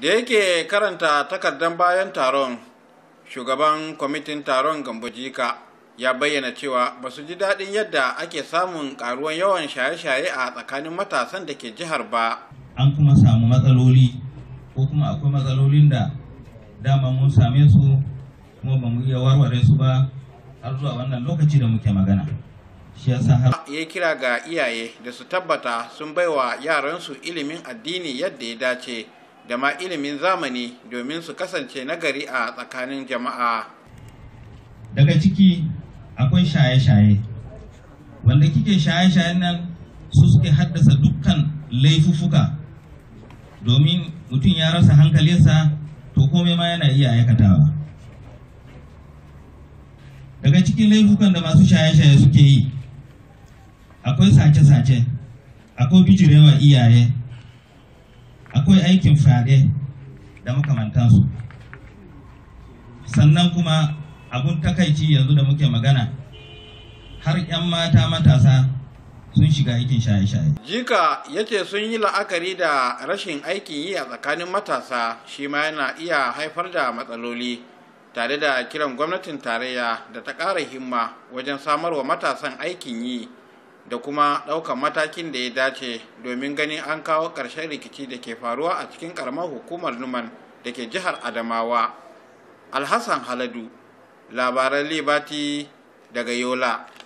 da yake karanta takardar bayan taron shugaban kwamitin taron gambojika ya bayyana cewa ba su ji daɗin yadda ake samun ƙaruwan yawan shaye-shaye a tsakanin matasan da ke jihar ba an kuma samu matsaloli ko kuma akwai matsalolin da dama mun same su kuma ba mu iya warware su ba har zuwa wannan lokaci da muke magana shi yasa har ya kira ga iyaye da su tabbata sun baiwa yaransu ilimin addini yadda ya dace da ma ilimin zamani domin su kasance nagari a tsakanin jama'a. Daga ciki akwai shaye-shaye, wanda kike shaye-shayen nan su suke haddasa dukkan laifuffuka domin mutum ya rasa hankalinsa to komai ma yana iya aikatawa. Daga cikin laifukan da masu shaye-shaye suke yi, akwai sace-sace, akwai bijirewa iyaye. akwai aikin fyaɗe da makamantansu sannan kuma abun takaici yanzu da muke magana har 'yan mata matasa sun shiga aikin shaye-shaye. Jika ya sun yi la'akari da rashin aikin yi a tsakanin matasa shi ma yana iya haifar da matsaloli tare da kiran gwamnatin tarayya da ta ƙara himma wajen samarwa matasan aikin yi da kuma ɗaukan matakin da ya dace domin ganin an kawo ƙarshen rikici da ke faruwa a cikin ƙaramar hukumar numan da ke jihar adamawa alhassan haladu labaran libati daga yola